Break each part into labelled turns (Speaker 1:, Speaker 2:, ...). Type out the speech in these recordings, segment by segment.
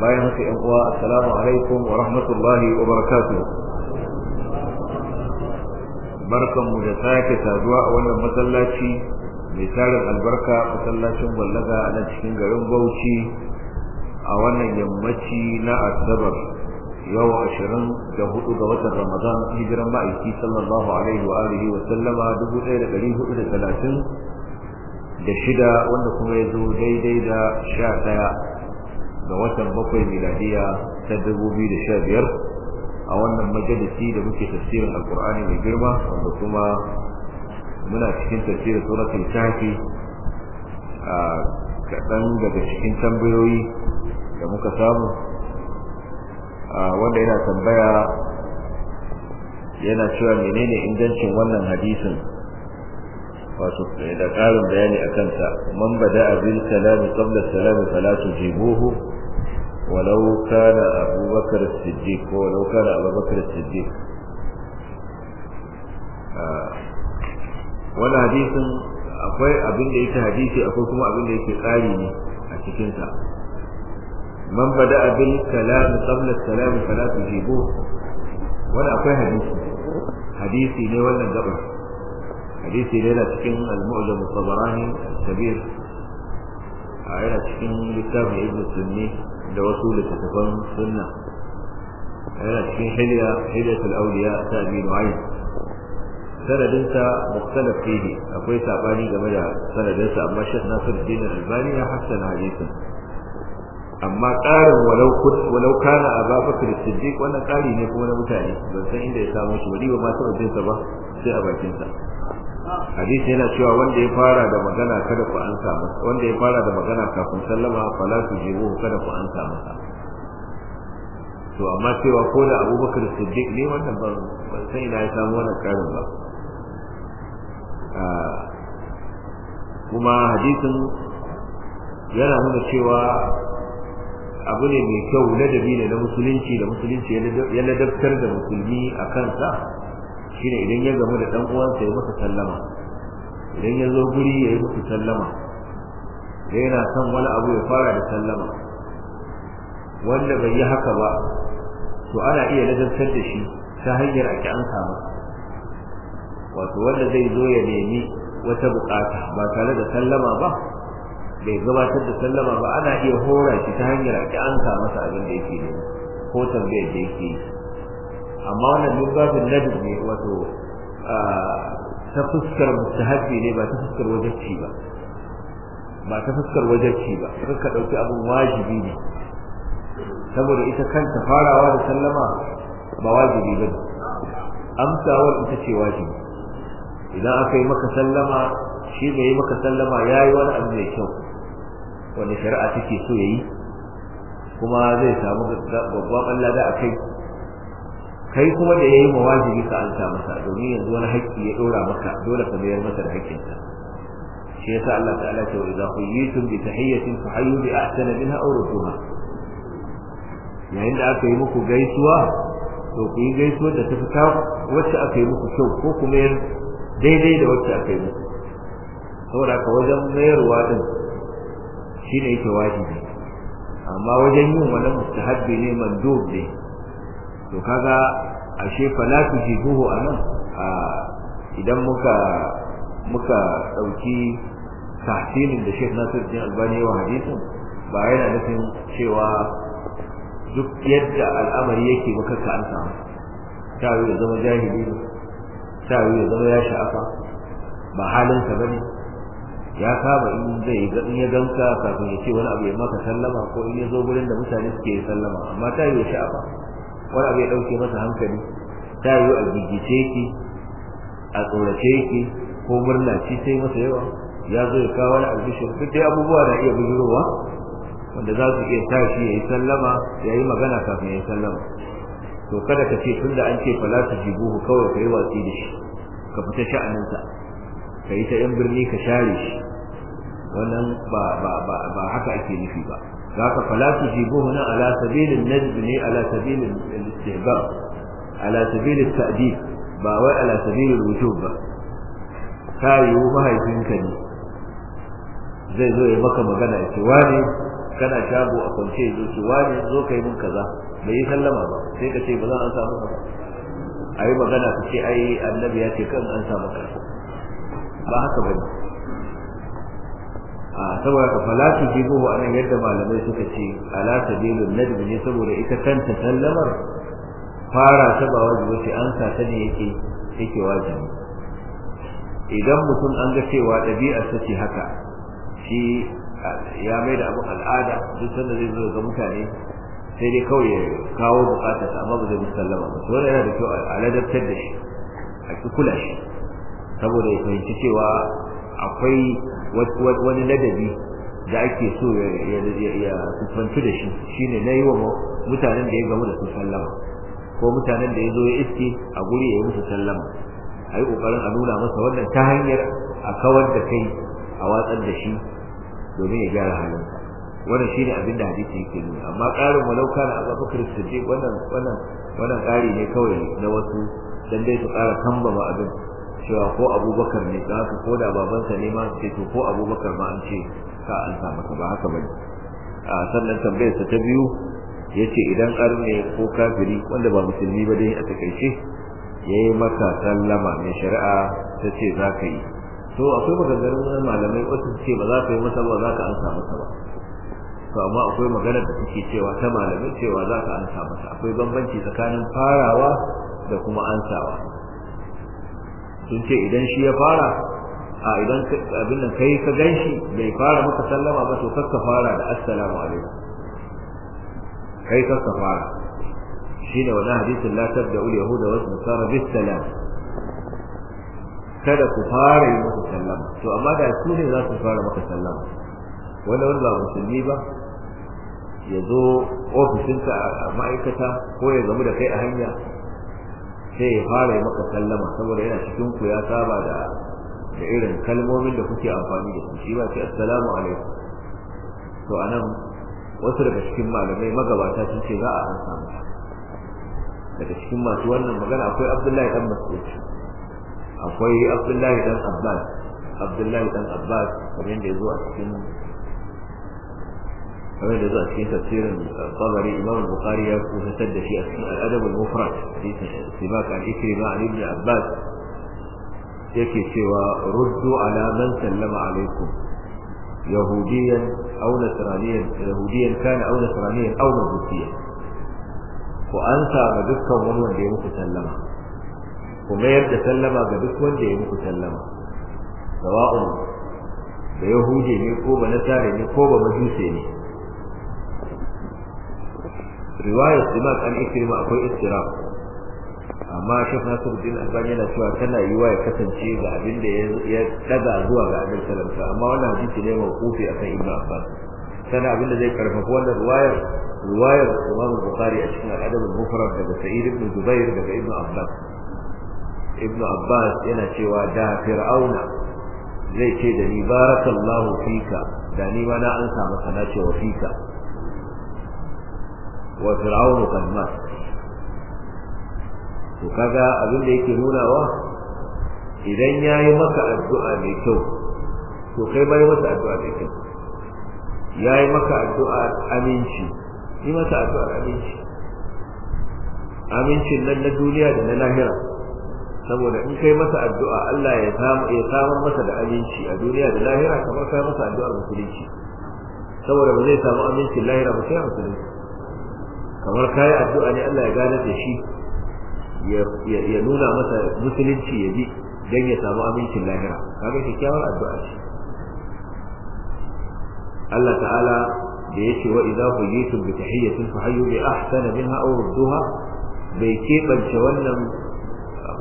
Speaker 1: bayan haka yan uwa assalamu alaikum wa rahmatullahi wa barakatuh barkan mu da sake saduwa a wannan masallaci mai tarin albarka masallacin ballaga a nan cikin garin Bauchi a wannan yammaci na Asabar yau 24 ga watan Ramadan hijiran ma'aiki sallallahu alaihi wa alihi wa sallama 1436 da shida wanda kuma ya zo daidai da sha ɗaya ga watan bakwai miladiya ta da sha biyar a wannan majalisi da muke tafsirin alkur'ani mai girma wanda kuma muna cikin tafsirin suratul kafi a kaɗan daga cikin tambayoyi da muka samu wanda yana tambaya yana cewa menene ingancin wannan hadisin wato da ƙarin bayani a kansa man bada abin salami qabla salami fala tujibuhu ولو كان أبو بكر الصديق ولو كان أبو بكر الصديق wani hadisin akwai abin da yake hadisi akwai kuma abin da yake tsari ne a cikinsa man bada abin kalam qabla salam fala tujibu wani akwai hadisi hadisi ne wannan gaba hadisi ne na cikin al-mu'jam al-tabarani al-kabir a yana cikin littafin ibn sunni da wasu littattafan sunna yana cikin hilya hilyatul awliya ta abi nu'aym sanadinsa mukhtalaf fihi akwai sabani game da sanadinsa amma Sheikh Nasiruddin Albani ya hassana hadisin amma ƙarin walau na walau kana Bakr Siddiq wannan ƙari ne kuma na mutane ban san inda ya samu shi ba ba ma ba sai a bakin sa hadisi yana cewa wanda ya fara da magana kada ku ansa masa wanda ya fara da magana kafin sallama fala ku kada ku ansa masa to amma cewa ko da abubakar siddiq ne wannan ban san ina ya samu wannan karin ba kuma hadisin yana nuna cewa abu ne mai kyau ladabi ne na musulunci da musulunci ya ladabtar da musulmi a kansa shine idan ya gamu da dan uwansa ya masa sallama idan ya zo guri ya yi masa sallama da yana son wani abu ya fara da sallama wanda bai yi haka ba to ana iya nazartar da shi ta hanyar ake an samu wato wanda zai zo ya nemi wata bukata ba tare da sallama ba bai gabatar da sallama ba ana iya hora shi ta hanyar ake an masa abin da yake ne ko tambayar da yake yi amma wannan min babin nabi ne wato ta fuskar mustahabi ne ba ta fuskar wajacci ba ba ta fuskar wajacci ba ka dauki abin wajibi ne saboda ita kanta farawa da sallama ba wajibi ba amsawar ita ce wajibi idan aka yi maka sallama shi bai yi maka sallama yayi wani abu mai kyau wanda shari'a take so ya yi kuma zai samu babban Allah da akai kai kuma da yayi wajibi ka alta masa domin yanzu wani haƙƙi ya dora maka dole ka bayar masa da haƙƙinsa shi yasa Allah ta'ala ce wa idza quyitum bi tahiyyatin fahayyu bi ahsana minha aw rudduha yayin da aka yi muku gaisuwa to ku yi gaisuwa da ta fita wacce aka yi muku kyau ko kuma daidai da wacce aka yi muku saboda ka wajen mayarwa din shine yake wajibi amma wajen yin wannan mustahabbi ne mandub ne to kaga ashe fala tujibuhu anan idan muka muka dauki tahsinin da Sheikh Nasiruddin Albani wa hadisin ba yana nufin cewa duk yadda al'amari yake baka ka ansa ta yi ya zama jahili ta yi ya zama ya sha'afa ba halinsa bane ya saba in zai ga in ya ganka kafin ya ce wani abu ya maka sallama ko in ya zo gurin da mutane suke sallama amma ta yi ya sha'afa wani abu ya ɗauke masa hankali ta yi a gigice ki a tsorace ki ko murna ci sai masa yawa ya zo ya kawo wani albishir duk dai abubuwa na iya bujirowa wanda za su iya sa shi ya yi sallama ya yi magana kafin ya yi sallama to kada ka ce tunda an ce fala ta jibuhu kawai ka yi watsi da shi ka fita sha'aninsa ka yi ta yan birni ka share shi wannan ba ba ba haka ake nufi ba ذاك فلا تجيبوهن على سبيل النجم على سبيل الاستهباء على سبيل التأديب باوي على سبيل الوجوب كايو ما هيفينك ne zai zo ya maka magana ya ce wani kana shago a kwance zo ce wani zo kai mun kaza bai yi sallama ba sai ka ce ba zan an samu ba ayi magana ka ce ai ya ce kan an samu ba haka bane saboda ka fala tujibuhu anan yadda malamai suka ce ala sabilun nadb ne saboda ita kanta sallamar fara ta ba wajibi an sa ta ne yake yake wajibi idan mutum an ga cewa ɗabi'ar ta ce haka shi ya mai da abin al'ada duk sanda zai zo ga mutane sai dai kawai ya kawo bukatar ta amma ba zai musallama ba to yana da kyau a ladabtar da shi a kula shi saboda ya fahimci cewa akwai wani ladabi da ake so ya sufantu da shi shine na yi wa mutanen da ya gamu da su sallama ko mutanen da ya zo ya iske a guri ya yi musu sallama a yi ƙoƙarin a nuna masa wannan ta hanyar a kawar da kai a watsar da shi domin ya gyara halin wannan shine abin da hadisi yake nuna amma ƙarin walau kana Abu Bakar Siddiq wannan wannan wannan ƙari ne kawai na wasu dan dai su ƙara kambama abin cewa ko abubakar ne ka haka ko da babansa ne ma ce to ko abubakar ma an ce ka an sa ka ba haka bane a sannan tambayarsa ta biyu yace idan karne ko kafiri wanda ba musulmi ba dai a takaice yayi maka sallama mai shari'a ta ce za ka yi to akwai maganganun malamai wasu ce ba za ka yi masa ba za ka an samu masa ba to amma akwai magana da suke cewa ta malamai cewa za ka an ansa masa akwai bambanci tsakanin farawa da kuma ansawa sun ce idan shi ya fara a idan abin nan kai ka ganshi bai fara maka sallama ba to kakka fara da assalamu alaikum kai kakka fara shine wannan hadisin la tabda'u yahuda wa nasara bis salam kada ku fara yi maka sallama to amma da su ne za su fara maka sallama wanda wanda ba musulmi ba ya zo ofishinka a ma'aikata ko ya zamu da kai a hanya sai ya fara maka sallama saboda yana cikin ku ya saba da da irin kalmomin da kuke amfani da su shi ba sai assalamu alaikum to anan wasu daga cikin malamai magabata sun ce za a an samu daga cikin masu wannan magana akwai Abdullahi dan Mas'ud akwai Abdullahi dan Abbas Abdullahi dan Abbas kamar yadda ya zo a cikin kamar da zuwa cikin tafsirin tabari imam bukhari ya kusantar da shi a cikin al'adab al-mufrad hadisin sibaq al-ikrima an ibn abbas yake cewa ruddu ala man sallama alaikum yahudiyan aw nasraniyan yahudiyan kana aw nasraniyan aw majusiyan ku ansa ga dukkan wani wanda ya muku sallama ku mayar da sallama ga duk wanda ya muku sallama sawa'un da yahudi ne ko ba nasare ne ko ba majuse ne riwayar simak an ikrima akwai istirab amma shekh din albani yana cewa tana yiwa ya kasance ga abin da ya daga zuwa ga abin sallallahu alaihi amma wannan hadisi ne mawqufi akan ibnu abbas kana abin da zai karfafa wannan riwayar riwayar imam bukhari a cikin al-adab al-mufrad daga sa'id ibn zubair daga ibnu abbas ibnu abbas yana cewa da fir'auna zai ce da ni barakallahu fika da ni ma na an samu sana cewa fika wa fir'aunu qad mat to kaga abin da yake nunawa idan yayi maka addu'a mai kyau to kai bai masa addu'a mai kyau yayi maka addu'a aminci yi masa addu'a aminci amincin nan na duniya da na lahira saboda in kai masa addu'a Allah ya samu ya samu masa da aminci a duniya da lahira kamar kai masa addu'ar musulunci saboda ba zai samu amincin lahira ba sai musulunci kamar kayi addu'a ne Allah ya gane da shi ya nuna masa musulunci ya bi don ya samu amincin lahira kaga kyakkyawar addu'a ce Allah ta'ala da yake wa idza huyitum bi tahiyyatin hayyu bi ahsana minha aw rudduha bai kebance wannan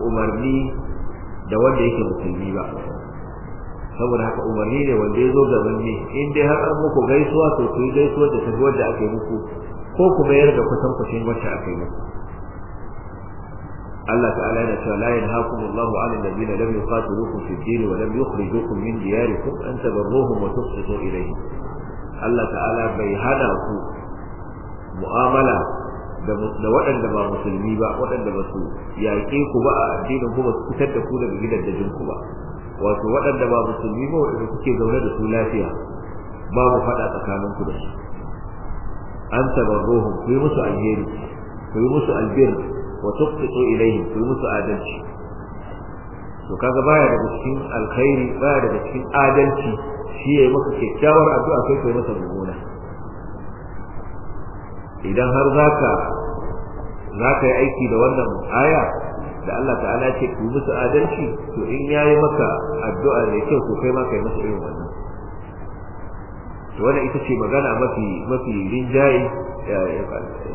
Speaker 1: umarni da wanda yake musulmi ba saboda haka umarni ne wanda ya zo ga in dai har an muku gaisuwa to ku gaisuwa da tafi wanda ake muku ko ku mayar da kusan kucin wacce aka yi muku Allah ta'ala yana cewa la yanhaqullahu 'ala alladhina lam yuqatilukum fid din wa lam yukhrijukum min diyarikum an tabarruhum wa tuqsitu ilayhim Allah ta'ala bai hada ku mu'amala da waɗanda ba musulmi ba waɗanda ba su yaƙe ku ba a addinin ku ba su fitar da ku daga gidajen ku ba wato waɗanda ba musulmi ba waɗanda kuke zaune da su lafiya babu faɗa tsakaninku da su an tabarruhum ku yi musu alheri ku musu albir wa tuqtu ilayhim ku musu adalci to kaga baya daga cikin alkhairi baya daga cikin adalci shi yayi maka kyakkyawar addu'a kai kai masa mummuna idan har zaka zaka yi aiki da wannan aya da Allah ta'ala ce ku musu adalci to in yayi maka addu'a da kyau to kai ma kai masa irin wannan to wannan ita ce magana mafi mafi rinjaye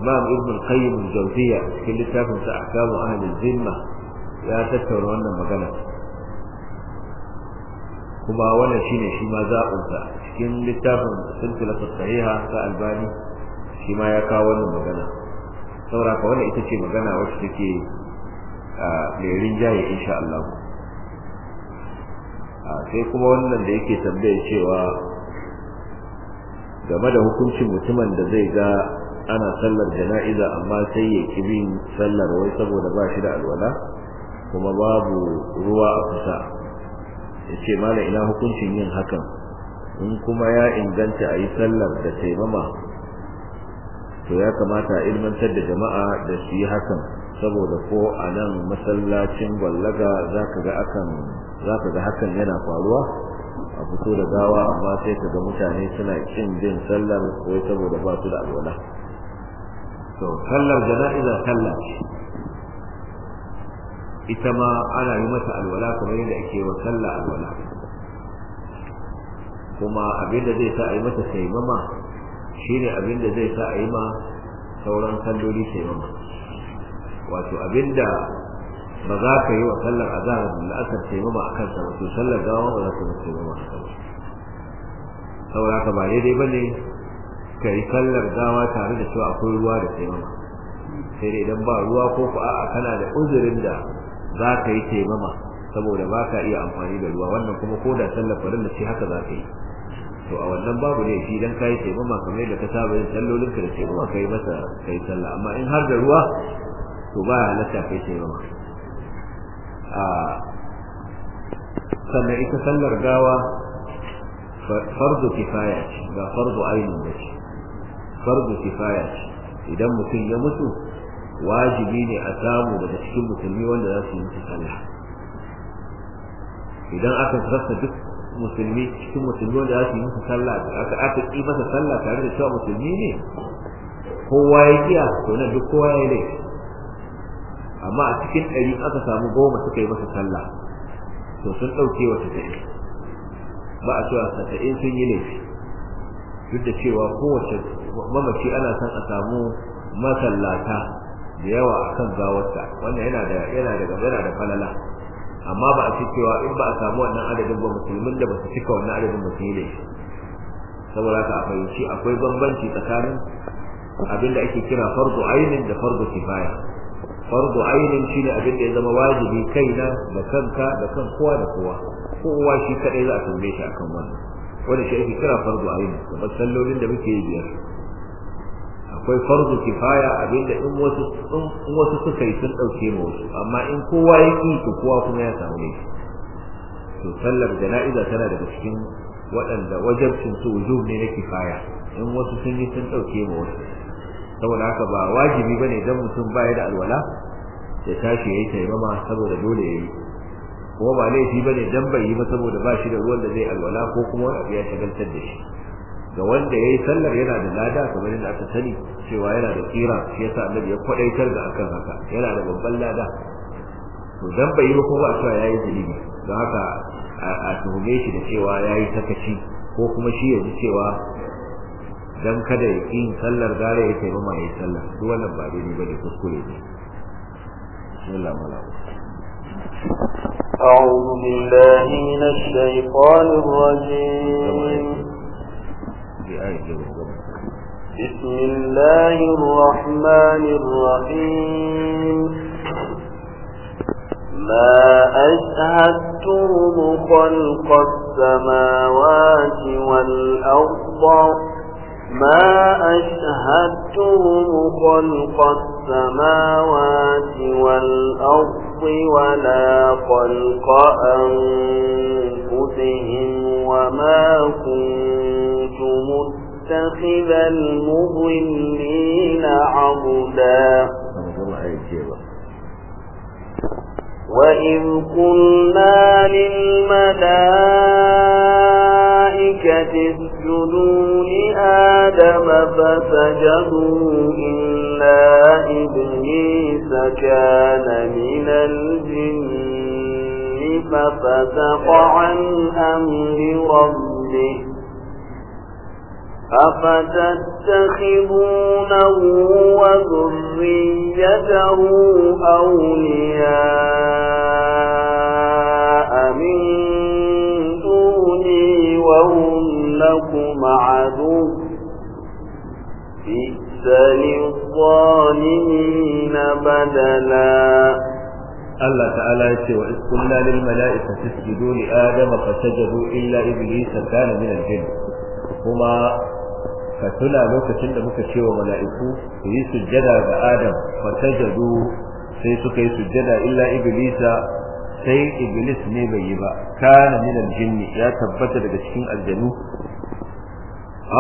Speaker 1: imam ibn qayyim al jawziya cikin littafin sa ahkamu Ahlul zimma ya tattauna wannan magana kuma wannan shine shi ma zaɓin sa cikin littafin silsilatu sahiha ta albani shi ma ya kawo wannan magana saboda ka wannan ita ce magana wacce take mai rinjaye insha Allah sai kuma wannan da yake tambaya cewa game da hukuncin mutumin da zai ga ana sallar jana'iza amma sai ya kibi sallar wai saboda ba shi da alwala kuma babu ruwa a kusa ya ce mana ina hukuncin yin hakan in kuma ya inganta a yi sallar da taimama to ya kamata a ilmantar da jama'a da su yi hakan saboda ko a nan masallacin gwallaga za ka ga hakan yana faruwa a fito da gawa amma sai ka ga mutane suna kin jin sallar ko saboda ba su da alwala to sallar jana'iza sallah ce ita ma ana yi mata alwala kamar yadda ake wa sallah alwala kuma abin da zai sa a yi mata taimama shine abin da zai sa a yi ma sauran salloli taimama wato abin da ba za ka yi wa sallar azhar da taimu taimama a kansa ba to sallar gawa ba za ka yi taimama a kansa saboda ka ba daidai ba ne ka yi sallar gawa tare da cewa akwai ruwa da taimama sai dai idan ba ruwa ko ku a'a kana da uzurin da za ka yi taimama saboda ba ka iya amfani da ruwa wannan kuma ko da sallar farin da ce haka za ka yi to a wannan babu ne shi dan taimu taimama kamar yadda ka saba yin da taimu da taimama yi masa ka yi sallah amma in har da ruwa to ba halatta kai taimama sannan ita sallar gawa farzu kifaya ce ga farzu ainihin da ce farzu kifaya ce idan mutum ya mutu wajibi ne a samu daga cikin musulmi wanda za su yi mutu sallah idan aka rasa duk musulmi cikin musulmi wanda za su yi mutu sallah aka aka yi masa sallah tare da cewa musulmi ne kowa ya kiya to nan duk kowa ya laifi amma a cikin ɗari aka samu goma suka yi masa sallah to sun ɗauke wa tasa'in ba a cewa tasa'in sun yi laifi duk da cewa kowace mamaci ana son a samu masallata da yawa a kan gawarta wannan yana da yana da yana da falala amma ba a ce cewa in ba a samu wannan adadin ba musulmin da ba su cika wannan adadin ba su yi laifi saboda haka a fahimci akwai bambanci tsakanin abinda ake kira fardu ainin da fardu kifaya fardu ainin ne abin da ya zama wajibi kaina da kanka da kan kowa da kowa kowa shi kadai za a tambaye shi akan wannan wanda shi ake kira fardu ainin da sallolin da muke yi biyar akwai fardu kifaya abin da in wasu in wasu suka yi sun dauke ma wasu amma in kowa ya ki to kowa kuma ya samu ne to sallar jana'iza tana daga cikin waɗanda wajabcin su wujub ne na kifaya in wasu sun yi sun dauke ma wasu saboda haka ba wajibi bane dan mutum baya da alwala ya tashi yayi taimama saboda dole yayi ko ba laifi bane dan bai yi ba saboda ba shi da ruwan da zai alwala ko kuma wani abu ya shagaltar da shi ga wanda yayi sallar yana da lada kamar yadda aka sani cewa yana da kira shi yasa annabi ya kwadaitar da akan haka yana da babban lada to dan bai yi ba ko ba cewa yayi zalimi don haka a tuhume shi da cewa yayi takaci ko kuma shi ya ji cewa dan kada ya yin sallar gare ya tayi mai yayi sallar duk wannan ba dai ne bane kuskure ne bismillah mala
Speaker 2: أعوذ بالله من الشيطان الرجيم بسم الله الرحمن الرحيم ما أشهدتهم خلق السماوات والأرض ما أشهدتهم خلق السماوات والأرض ولا خلق أنفسهم وما كنت متخذ المضلين عبدا وإذ قلنا للملائكة الملائكة اسجدوا لآدم فسجدوا إلا إبليس كان من الجن ففسق عن أمر ربه أفتتخذونه وذريته أولياء من وهم لكم عدو بئس للظالمين بدلا
Speaker 1: Allah ta'ala ya ce wa iskunna lil mala'ika tasjudu li adama fasajadu illa iblis kana min al kuma ka lokacin da muka ce wa mala'iku su yi sujjada ga adam fasajadu sai suka yi sujada illa iblisa sai iblis ne bai yi ba kana min aljinni ya tabbata daga cikin aljanu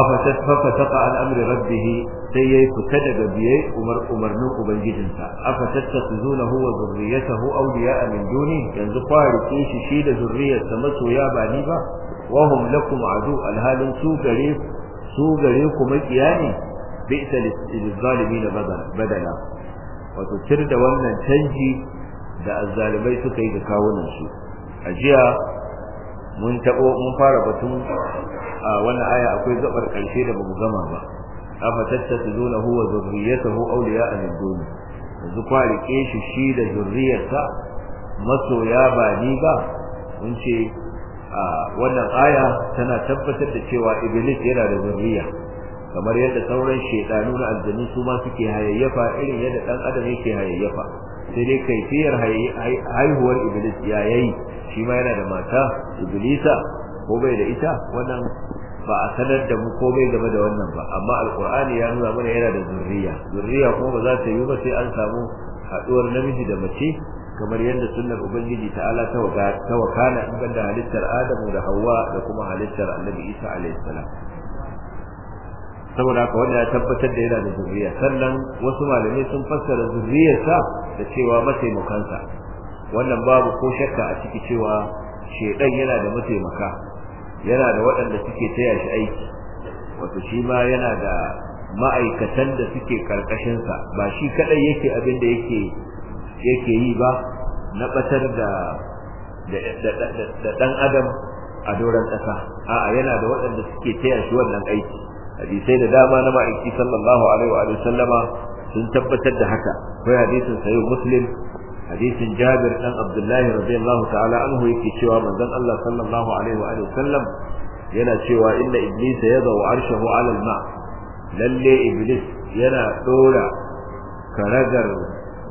Speaker 1: afatat fafataqa an amri rabbih sai yayi fita daga biye umar umarnin ubangijinsa afatat tazunahu wa zurriyatahu awliya'a min duni yanzu farike shi shi da zurriyarsa masoya ba ni ba wa hum lakum adu alhalin su gare su gare ku makiya ne bi'sa lil zalimin badala wato tir wannan canji da azzalibai suka yi ga kawunan su a jiya mun taɓo mun fara batun a wannan aya akwai gabar ƙarshe da bamu gama ba afa tattazunahu wa zurriyatahu awliya'a min duni yanzu kwa rike shi shi da zurriyarsa masoya ba ni ba mun ce wannan aya tana tabbatar da cewa iblis yana da zurriya kamar yadda sauran shedanu na aljannu su ma suke hayayyafa irin yadda dan adam yake hayayyafa sai dai kaifiyar haihuwar iblis ya yayi shi ma yana da mata iblisa ko bai da ita wannan ba a sanar da mu komai game da wannan ba amma alqur'ani ya nuna mana yana da zurriya zurriya kuma ba za ta yi ba sai an samu haduwar namiji da mace kamar yadda sunnar ubangiji ta'ala ta waka ta wakana in halittar adamu da hawa da kuma halittar annabi isa alaihi salam saboda haka wanda ya tabbatar da yana da zuriya sannan wasu malamai sun fassara zuriyarsa da cewa mataimakansa wannan babu ko shakka a ciki cewa shedan yana da mataimaka yana da waɗanda suke taya shi aiki wato shi ma yana da ma'aikatan da suke karkashinsa ba shi kaɗai yake abin da yake yi ba na batar da ɗan adam a doron ƙasa a'a yana da waɗanda suke taya shi wannan aiki hadisai da dama na ma'aiki sallallahu alaihi wa sallama sun tabbatar da haka akwai hadisin sahih muslim hadisin jabir dan abdullahi radiyallahu ta'ala anhu yake cewa manzon Allah sallallahu alaihi wa sallam yana cewa inna iblis yadau arshahu ala al-ma lalle iblis yana dora karagar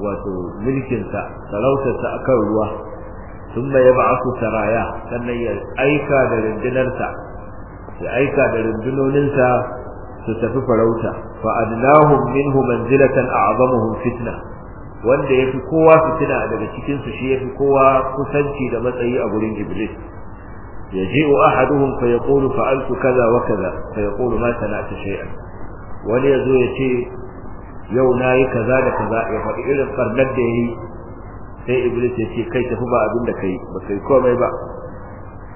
Speaker 1: wato mulkin sa sarautar sa akan ruwa thumma yab'athu saraya sannan ya aika da rundunarsa ya aika da rundunoninsa su tafi farauta fa adnahum minhu manzilatan a'zamuhum fitna wanda yafi kowa fitina daga cikin su shi yafi kowa kusanci da matsayi a gurin iblis yaji'u ahaduhum fa yaqulu fa'altu kaza wa kaza fa yaqulu ma sana'tu shay'an wani yazo yace yau nayi kaza da kaza ya faɗi irin farnar da yayi sai iblis ya ce kai tafi ba abin da kai ba kai komai ba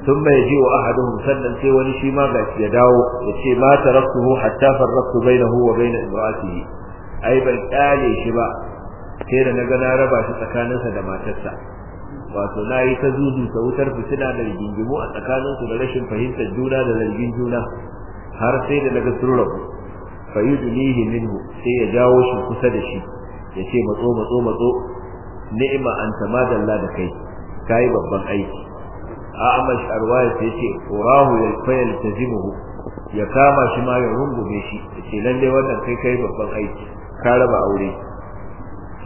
Speaker 1: Tun thumma yajiu ahaduhum sannan sai wani shi ma gaci ya dawo yace ma taraktuhu hatta farraktu bainahu wa bain imra'atihi ai bal kale shi ba sai da ga na raba shi tsakaninsa da matarsa wato nayi ta zudu ta wutar fitina da rigingimu a tsakaninsu da rashin fahimtar juna da zargin juna har sai da naga turu fa yudlihi minhu sai ya jawo shi kusa da shi yace matso matso matso ni'ma anta madalla da kai kai babban aiki a'amash arwaya ta yace urahu fayal tazimuhu ya kama shi ma ya rungume shi yace lalle wannan kai kai babban aiki ka raba aure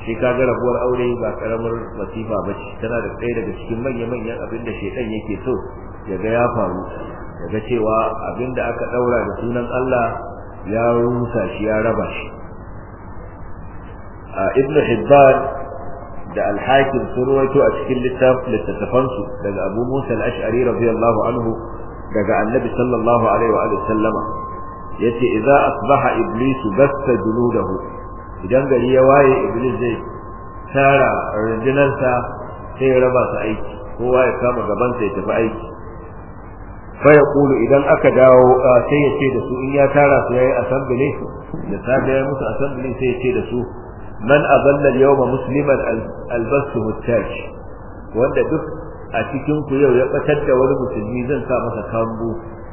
Speaker 1: shi ga rabuwar aure ba karamar masifa ba ce tana da ɗaya daga cikin manya manyan abin da shedan yake so ya ga ya faru ya ga cewa abin da aka daura da sunan Allah ya rusa shi ya raba shi a ibnu hibban da alhakin sun ruwaito a cikin littattafansu daga abu musa al radiyallahu anhu daga annabi sallallahu alaihi wa alihi sallama yace idza asbaha iblis basta junudahu idan gari ya waye iblis zai tara rundunarsa sai ya raba su aiki kowa ya kama gaban sa ya tafi aiki fa Kulu, idan aka dawo sai ya ce da su in ya tara su yi assembly da safe ya musu assembly sai ya ce da su man aballa yawma musliman albasu mutaj wanda duk a cikin ku yau ya batar da wani musulmi zan sa masa kambu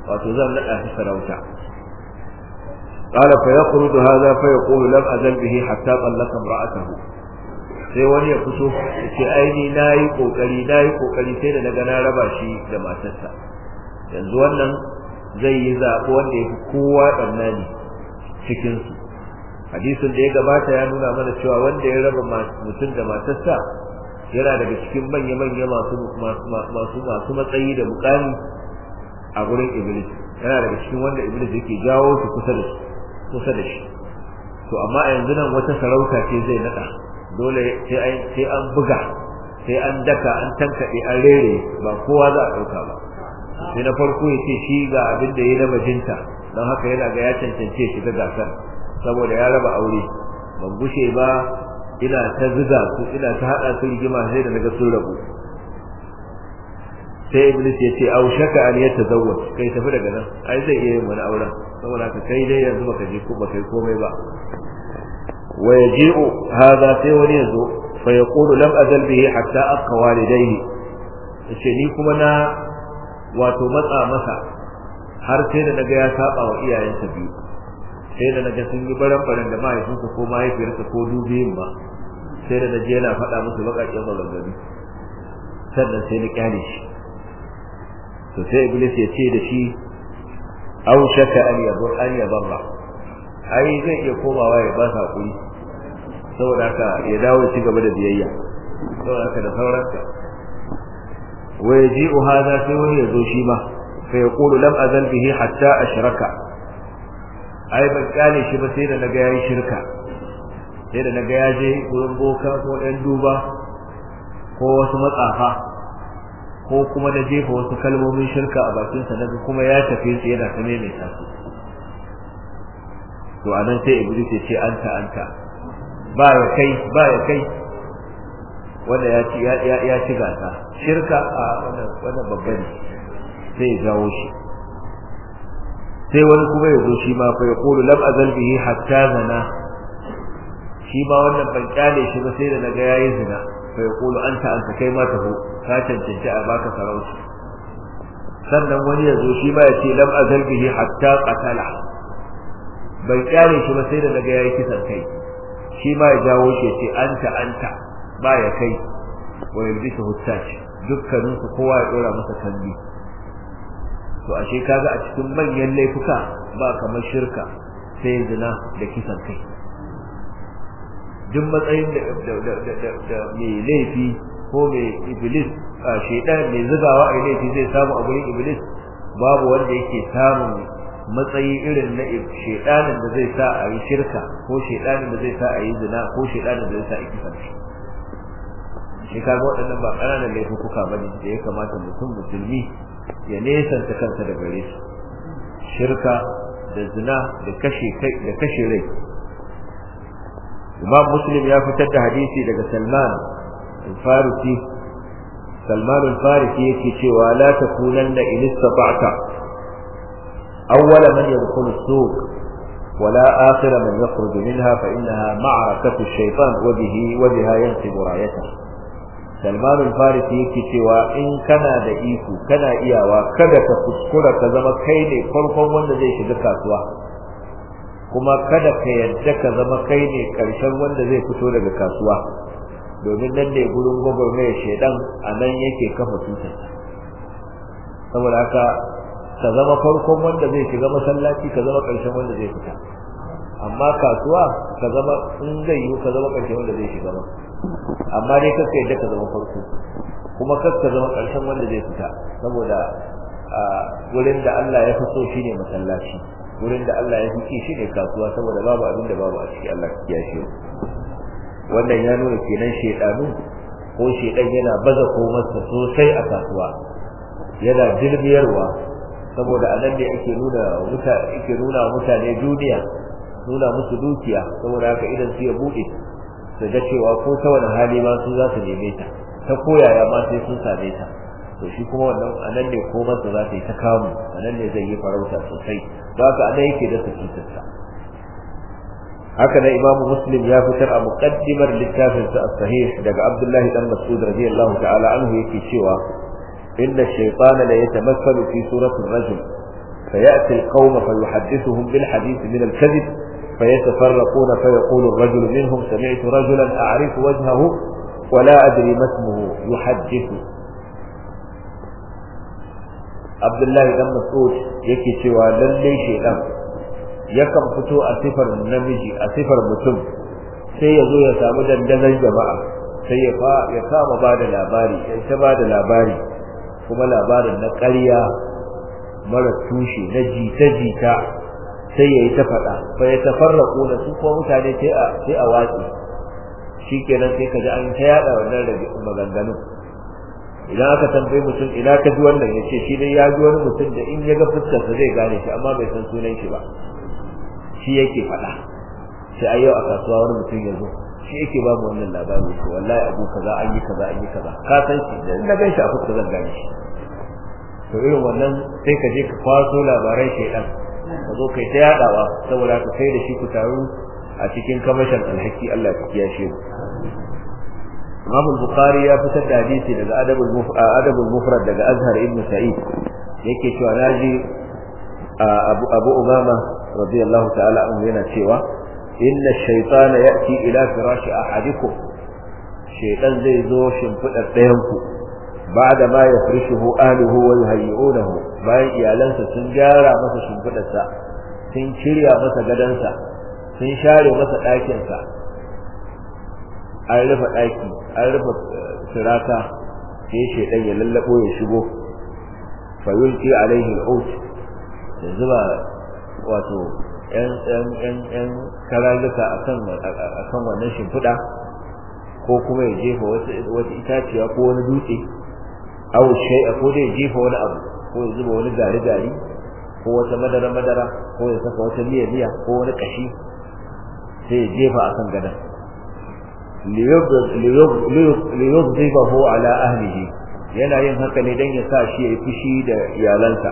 Speaker 1: wato zan nada shi sarauta qala fa yakhruju hadha fa yaqulu lam azal bihi hatta tallaqa imra'atahu sai wani ya fito ce aini nayi kokari nayi kokari sai da daga na raba shi da matarsa yanzu wannan zai yi zaɓo wanda ya fi kowa ɗannani cikinsu hadisin da ya gabata ya nuna mana cewa wanda ya raba mutum da matarsa yana daga cikin manya-manya masu masu matsayi da mukami a gurin iblis yana daga cikin wanda iblis yake jawo su kusa da kusa da shi to amma yanzu nan wata sarauta ce zai nada dole sai an sai an buga sai an daka an tankade an rere ba kowa za a dauka ba sai na farko yace shi ga abin da ya raba jinta, don haka yana ga ya cancance shi ga gasar saboda ya raba aure ban gushe ba ina ta zuga su ina ta hada su rigima sai da naga sun rabu sai iblis ya ce au shaka an yatazawwaj kai tafi daga nan ai zai iya yin wani auren saboda ka kai dai yanzu baka je ko baka yi komai ba wa yaji'u hadha sai wani yazo fa yaqulu lam azal bihi hatta aqwa walidayhi yace ni kuma na wato matsa masa har sai da daga ya saba wa iyayensa biyu sai da naga sun yi baran baran da mahaifinsa ko mahaifiyarsa ko dubiyin ba sai da naje yana faɗa musu baƙaƙen maganganu sannan sai na kyale shi to sai iblis ya ce da shi aw shaka an bar an yabarra ai zai iya komawa ya ba sa kuri saboda haka ya dawo ci gaba da biyayya saboda haka da sauransa wa yaji'u hadha sai wani ya zo shi ma fa yaqulu lam azal bihi hatta ashraka ai ban kane shi ba sai da naga yayi shirka sai da naga ya je gurin boka ko dan duba ko wasu matsafa ko kuma na jefa wasu kalmomin shirka a bakin sa naga kuma ya tafi sai yana ta maimaita ta, to anan sai iblis ya ce anta anta ba ya kai ba ya kai wanda ya ci ya ya ci gasa shirka a wannan wannan babban sai ya jawo shi sai wani kuma ya zo shi ma fa ya kulu lam azal bihi hatta zana shi ba wannan ban kyale shi ba sai da naga yayi zina fa ya kulu anta anta kai ma taho ka cancanci a baka sarauta sannan wani ya zo shi ma ya ce lam azal bihi hatta qatala ban kyale shi ba sai da naga yayi kisan kai shi ma ya jawo shi ya ce anta anta ba ya kai wa yabdisu huttaci dukkaninsu kowa ya dora masa kalli to ashe kaga a cikin manyan laifuka ba kamar shirka sai zina da kisan kai duk matsayin da mai laifi ko mai iblis a shaidan mai zubawa a laifi zai samu abu gurin iblis babu wanda yake samun matsayi irin na shaidanin da zai sa a yi shirka ko shaidanin da zai sa a yi zina ko shaidanin da zai sa a yi kisan kai shi kaga waɗannan ba ƙananan laifuka ne da ya kamata mutum musulmi ya nesanta kansa da gare su shirka da zina da kashe kai da kashe rai imam muslim ya fitar da hadisi daga salman al-farisi salman al-farisi yake cewa la takunanna in istata'ta awwala man yadkhulu as-suq ولا آخر من يخرج منها فإنها معركة الشيطان وبه وبها ينسب رايته salman al-farisi yake cewa in kana da iku kana iyawa kada ka kuskura ka zama kai ne farkon wanda zai shiga kasuwa kuma kada ka yadda ka zama kai ne karshen wanda zai fito daga kasuwa domin nan ne gurin gwagwarmayar shaidan a nan yake kafa tutar saboda haka ka zama farkon wanda zai shiga masallaci ka zama karshen wanda zai fita amma kasuwa ka zama in zai yi ka zama karshen wanda zai shiga ba amma dai kaka yadda ka zama farko kuma kaka zama karshen wanda zai fita saboda wurin da Allah ya fi so shine masallaci wurin da Allah ya fi shi ne kasuwa saboda babu abin da babu a ciki Allah ya shi wannan ya nuna kenan shedanu ko shedan yana baza komarsa sosai a kasuwa yana dilbiyarwa saboda anan ne ake nuna mutane nuna mutane duniya nuna musu dukiya saboda aka idan su ya buɗe su ga cewa ko ta hali ma su za su neme ta ta koyaya ma sai sun same ta to shi kuma wannan anan ne ko masa za ta yi ta kamu anan ne zai yi farauta sosai don haka anan yake da sakitarsa haka nan imam muslim ya fitar a muqaddimar littafinsa sa sahih daga abdullahi dan mas'ud radiyallahu ta'ala anhu yake cewa inna shaytana la yatamassalu fi surati ar-rajul فيأتي القوم فيحدثهم بالحديث من الكذب فيتفرقون فيقول الرجل منهم سمعت رجلا أعرف وجهه ولا أدري ما اسمه يحدث عبد الله بن مسعود yake cewa lalle shedan yakan fito a sifar namiji a sifar mutum sai ya zo ya samu dandazon jama'a sai ya kama ba da labari ya ta ba da labari kuma labarin na ƙarya mara tushe na jita-jita sai ya yi ta faɗa fa ya tafarra ƙuna su kuma mutane sai a watsi shi kenan sai ka ji an ta yaɗa wannan maganganun idan aka tambayi mutum ina ka ji wannan ya ce shi dai ya ji wani mutum da in ya ga fuskarsa zai gane shi amma bai san sunan shi ba shi yake faɗa sai a yau a kasuwa wani mutum ya zo shi yake ba mu wannan labari ko wallahi abu kaza an yi kaza an yi kaza ka san shi da na gan shi a fuskar zan gane shi to irin wannan sai ka je ka kwaso labaran dan. zo kai ta yadawa saboda ka kai da shi ku taru a cikin kamashin alhaki Allah ya kiyashe Imam Bukhari ya fitar da hadisi daga Adabul Adabul Mufrad daga Azhar ibn Sa'id yake cewa naji Abu Abu Umama radiyallahu ta'ala anhu yana cewa inna ash-shaytana ya'ti ila firashi ahadikum shaytan zai zo shimfidar dayan ku بعد ما يفرشه ahlihu ويهيئونه yuhayyi'unahu bayan iyalansa sun gyara masa shimfidarsa sun shirya masa gadansa sun share masa ɗakinsa an rufe ɗaki an rufe eh, ya lallabo ya shigo fa ya zuba wato
Speaker 2: yan yan
Speaker 1: akan akan wannan ko kuma ya jefa wata wata itaciya ko wani dutse aw shay'a ko dai jefa wani abu ko ya zuba wani gari gari ko wata madara madara ko ya saka wata miya miya ko wani kashi sai ya jefa kan gadan liyubdibahu ala ahlihi yana yin haka ne dan ya sa shi ya fushi da iyalansa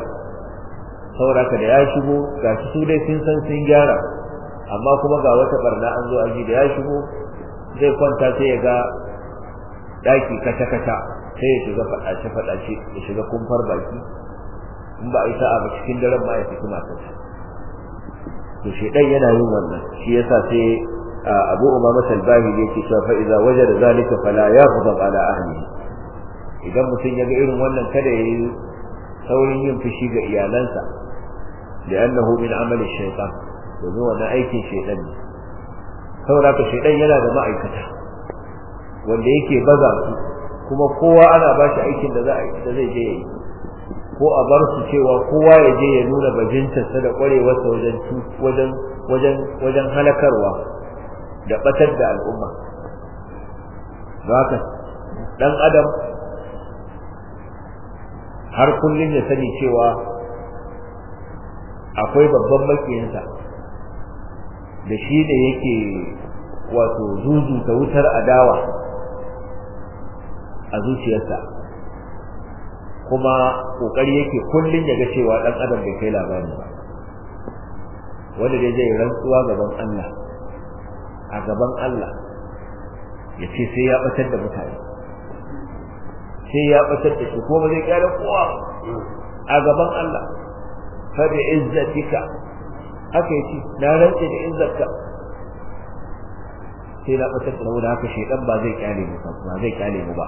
Speaker 1: saboda da ya shigo ga su dai sun san sun gyara amma kuma ga wata barna an zo aji da ya shigo zai kwanta sai ya ga daki kata kata sai ya shiga faɗace faɗace ya shiga kumfar baki in ba a yi sa'a ba cikin daren ma ya fiti matarsa to shedan yana yin wannan shi yasa sai Abu Umama Salbahi yake cewa fa idza wajada zalika fala yaghdab ala ahlihi idan mutum ya ga irin wannan kada ya yi saurin yin fushi ga iyalansa li'annahu min amali shaytan domin wannan aikin shaytan ne saboda ka shaytan yana da ma'aikata wanda yake baza su kuma kowa ana ba shi aikin da zai je yi ko a bar su cewa kowa ya je ya nuna bajintarsa da kwarewarsa wajen wajen wajen wajen halakarwa da batar da al'umma Zaka dan adam har kullum ya sani cewa akwai babban makiyinsa da shi ne yake wato ta wutar adawa a zuciyarsa kuma kokari yake kullun ya ga cewa dan adam bai kai labari ba wanda dai zai rantsuwa gaban Allah a gaban Allah ya ce sai ya batar da mutane sai ya batar da shi kuma zai kare kowa a gaban Allah fa bi izzatika aka yi na rantsa da izzatka sai na batar da wanda haka shedan ba zai kare mu ba zai kare mu ba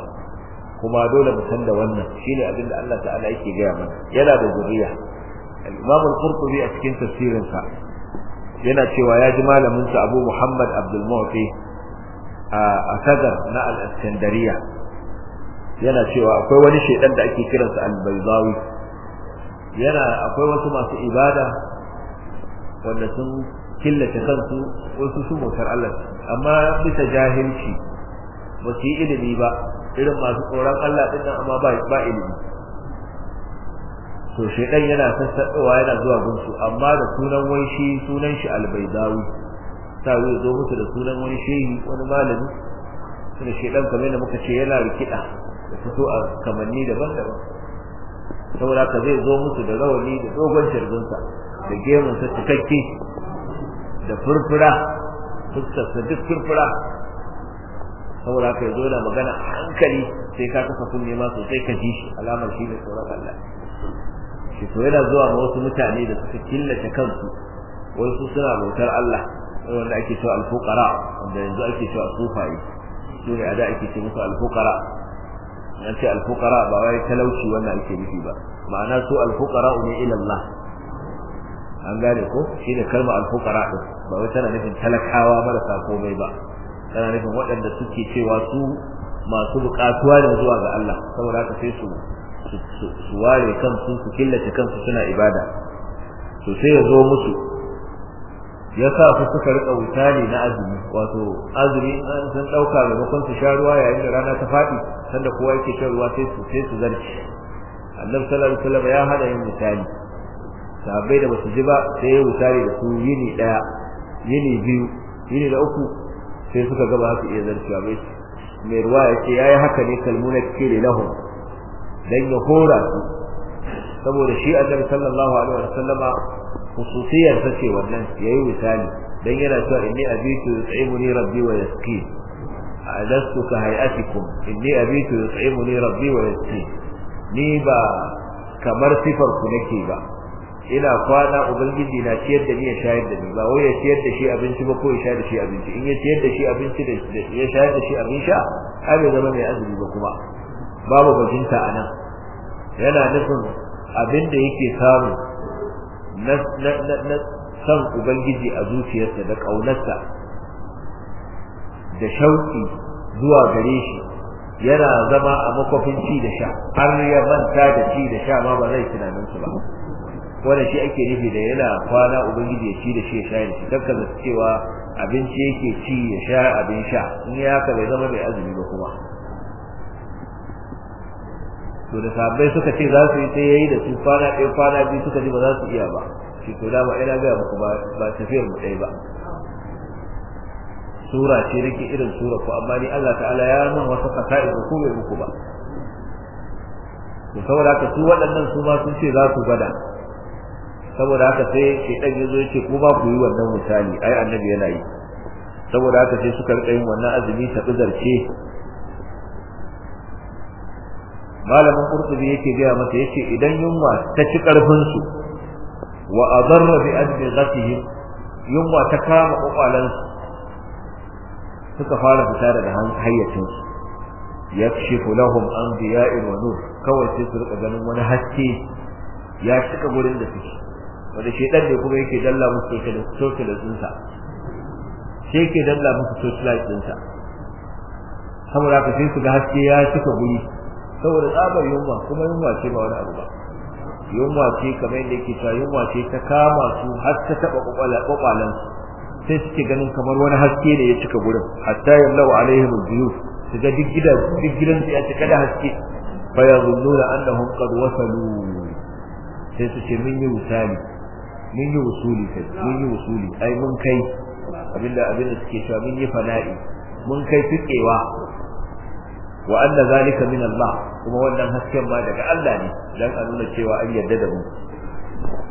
Speaker 1: kuma dole mu san da wannan shine abin da Allah ta'ala yake gaya mana yana da zuriya al-Imam al-Qurtubi a cikin tafsirin sa yana cewa ya ji malamin sa Abu Muhammad Abdul Mu'ti a Sadar na al-Iskandariya yana cewa akwai wani shedan da ake kiransa al-Baydawi yana akwai wasu masu ibada wanda sun killace kansu wasu su motar Allah amma bisa jahilci ba su yi ilimi ba irin masu tsoron Allah din nan amma ba ba ilimi to dan yana sassaɗowa yana zuwa gunsu amma da sunan wani shi sunan shi albaidawi ta wuce zo musu da sunan wani shehi wani malami shi dan kamar da muka ce yana rikida da fito a kamanni daban-daban saboda ka zai zo musu da rawani da dogon shirgunsa da gemunsa cikakke da furfura fuskar duk furfura saboda haka yazo yana magana a hankali sai ka kafa kunne ma sosai ka ji shi alamar shi ne tsoron Allah shi to yana zuwa ma wasu mutane da suka killace kansu wasu suna bautar Allah wanda ake cewa al-fuqara wanda yanzu ake cewa sufai su ne a da ake ce musu al-fuqara an ce al-fuqara ba wai talauci wannan ake nufi ba ma'ana su al-fuqara ne ila Allah an gane ko shi ne kalmar al-fuqara ba wai tana nufin talakawa marasa komai ba kana nufin waɗanda suke cewa su masu buƙatuwa ne zuwa ga Allah saboda haka sai su su ware kansu su killace kansu suna ibada to sai ya zo musu ya sa su suka rika ne na azumi wato azumi an san dauka maimakon su sha ruwa yayin da rana ta faɗi sanda kowa yake shan ruwa sai su sai su zarci annabi sallallahu alaihi wasallam ya hada yin misali sahabbai da basu ji ba sai ya wutali da su yini daya yini biyu yini da uku sai suka gaba haka iya zarcewa bai mai ruwa ya ce ya yayi haka ne kalmuna kire lahum dan ya hora su saboda shi a annabi sallallahu alaihi wasallama khususiyar ta ce wannan yayi misali dan yana cewa inni abitu yut'imuni rabbi wa yaski alastu ka hayatikum inni abitu yut'imuni rabbi wa yaski ni ba kamar sifar ku nake ba ina kwana ubangiji na ciyar da ni ya shayar da ni ba wai ya ciyar da shi abinci ba ko ya shayar da shi abinci in ya ciyar da shi abinci da ya shayar da shi abin sha ai zama mai azumi ba kuma babu bakinta a nan yana nufin abin da yake samu na san ubangiji a zuciyarsa da ƙaunarsa da shauƙi zuwa gare shi yana zama a makwafin ci da sha har ya manta da ci da sha ma ba zai su ba wannan shi ake nufi da yana kwana ubangiji ya ci da shi ya sha ya da cewa abinci yake ci ya sha abin sha in ya haka bai zama mai azumi ba kuma to da sabai suka ce za su yi sai yayi da su kwana ɗaya kwana biyu suka ji ba za su iya ba shi to dama ina ga muku ba ba tafiyar mu ɗaya ba sura ce rike irin sura ko amma ni Allah ta'ala ya mun wasu fasa'i ku bai muku ba to saboda haka su waɗannan su ma sun ce za su gwada saboda haka sai shedan yazo yake, ko ba ku yi wannan misali ai annabi yana yi saboda haka sai suka rika yin wannan azumi ta kuzarce malamin qurtubi yake ga mata yace idan yunwa ta ci karfin su wa adarra bi adghatihim yunwa ta kama kokwalan suka fara fita daga hayyacin su yakshifu lahum anbiya'in wa nur kawai sai su rika ganin wani haske ya cika gurin da suke wanda shedan ne kuma yake dalla musu socialism sa shi yake dalla musu socialism sa saboda ka sai su ga haske ya cika guri saboda tsabar yunwa kuma yunwa ce ba wani abu ba yunwa ce kamar yadda yake cewa yunwa ce ta kama su har ta taɓa kwakwalen sai suke ganin kamar wani haske ne ya cika gurin hatta yallahu alaihim al-zuyuf su ga duk gidan duk gidan su ya cika da haske fa yazunnuna annahum qad wasalu sai su ce mun yi misali mun yi usuli kai mun yi usuli ai mun kai abinda abinda suke cewa mun yi fada'i mun kai fikewa wa anna zalika min Allah kuma wannan hasken ma daga Allah ne dan a nuna cewa an yarda da mu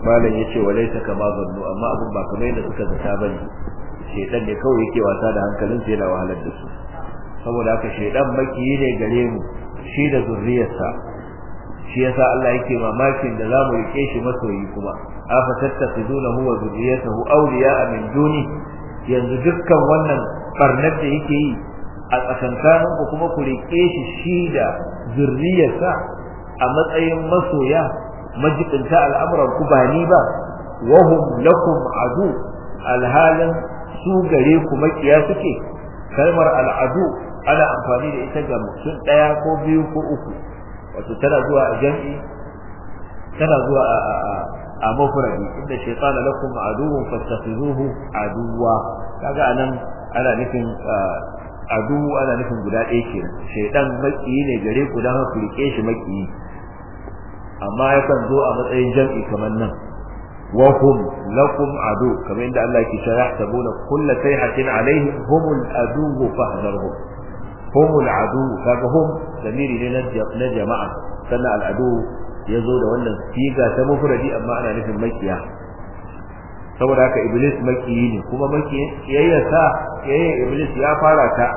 Speaker 1: malam yace walaysa kama zannu amma abun ba kamar yadda suka zata bane shedan ne kawai yake wasa da hankalin sa yana wahalar da su saboda haka shedan makiyi ne gare mu shi da zurriyarsa shi yasa Allah yake mamakin da zamu rike shi masoyi kuma afa tattaqidunahu wa zurriyatahu awliya'a min duni yanzu dukkan wannan barnar da yake yi a tsakankanin ku kuma ku rike shi shi da zurriyarsa a matsayin masoya majibinta al'amuran ku ba ni ba wa hum lakum adu alhalin su gare ku makiya suke kalmar al'adu ana amfani da ita ga mutum daya ko biyu ko uku wato tana zuwa a jam'i tana zuwa a a mafuradi inda shaytan lakum aduwwun fattakhizuhu aduwwa kaga anan ana nufin adu ana nufin guda ɗaya ke shaytan makiyi ne gare ku dan ku rike shi makiyi amma yakan zo a matsayin jam'i kamar nan wa hum lakum adu kamar inda Allah yake cewa yahsabuna kullu sayhatin alaihim humul adu fahdharhum humul adu kaga hom zamiri ne na jama'a sannan al'adu ya zo da wannan siga ta mufradi amma ana nufin makiya saboda haka iblis makiyi ne kuma makiyin yayyasa yayin iblis ya fara ta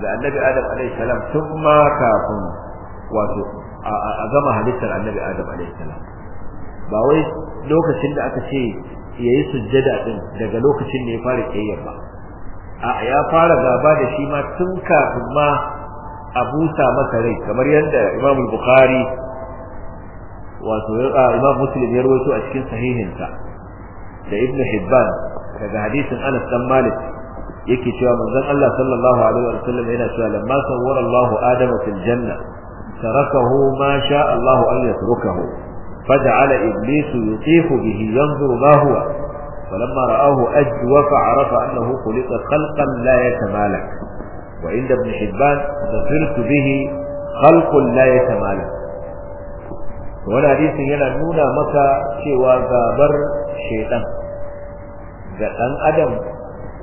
Speaker 1: da annabi adam alaihi salam thumma kafin wato a gama halittar annabi adam alaihi salam ba wai lokacin da aka ce yayi sujjada din daga lokacin da ya fara kiyaye ba ya fara gaba da shi ma tun kafin ma a busa masa rai kamar yadda Imam Bukhari wato Imam Muslim ya rawaito a cikin sahihinsa da Ibn Hibban daga hadisin Anas dan Malik yake cewa manzon Allah sallallahu alaihi wa sallam yana cewa lamma sawwara Allahu Adama fil janna tarakahu ma sha Allahu an yatrukahu faj'ala iblis yutifu bihi yanzuru ma huwa فلما رآه أجوف عرف أنه خلق خلقا لا يتمالك وعند ابن حبان نصرت به خلق لا يتمالك wani hadisin yana nuna maka cewa gabar shaidan ga dan adam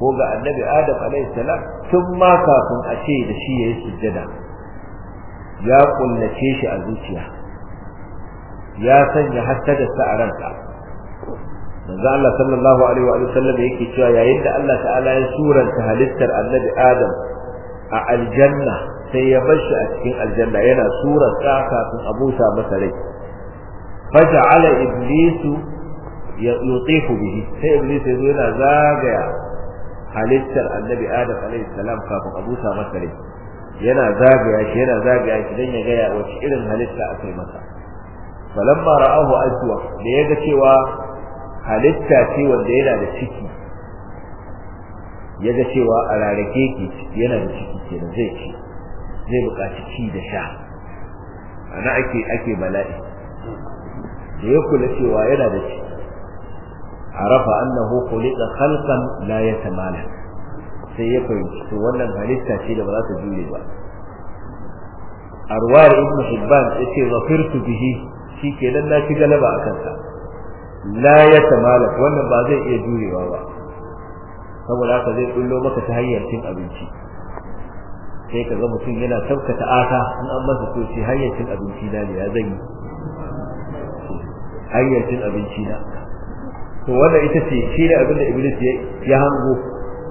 Speaker 1: ko ga annabi adam alaihi salam tun ma kafin a ce da shi yayi sujjada ya kullace shi a zuciya ya sanya hassada a ranka manzo Allah sallallahu alaihi wa sallam yake cewa yayin da Allah ta'ala ya suranta halittar annabi Adam a aljanna sai ya bashi a cikin aljanna yana sura sa kafin a masa rai faja'ala ya yutifu bihi sai iblis yazo yana zagaya halittar annabi Adam alaihi salam kafin a busa masa rai yana zagaya shi yana zagaya shi dan ya ga wace irin halitta aka yi masa falamma ra'ahu aswa da yaga cewa halitta ce wanda yana da ciki ya ga cewa a rarrake ke yana da ciki kenan zai ci zai buƙaci ci da sha ana ake ake bala'i da ya kula cewa yana da ciki a arafa annahu khuliqa khalqan la yatamala sai ya fahimci to wannan halitta ce da ba za ta jure ba arwar ibn hibban yace ghafirtu bihi shikenan na ci galaba akan sa la ya tamala wannan ba zai iya jurewa ba saboda haka zai kullo maka ta hanyar cin abinci sai ka ga mutum yana tabkata aka an an masa to ce hanyar cin abinci na ne ya zai hanyar cin abinci na to wannan ita ce shi ne abin da iblis ya hango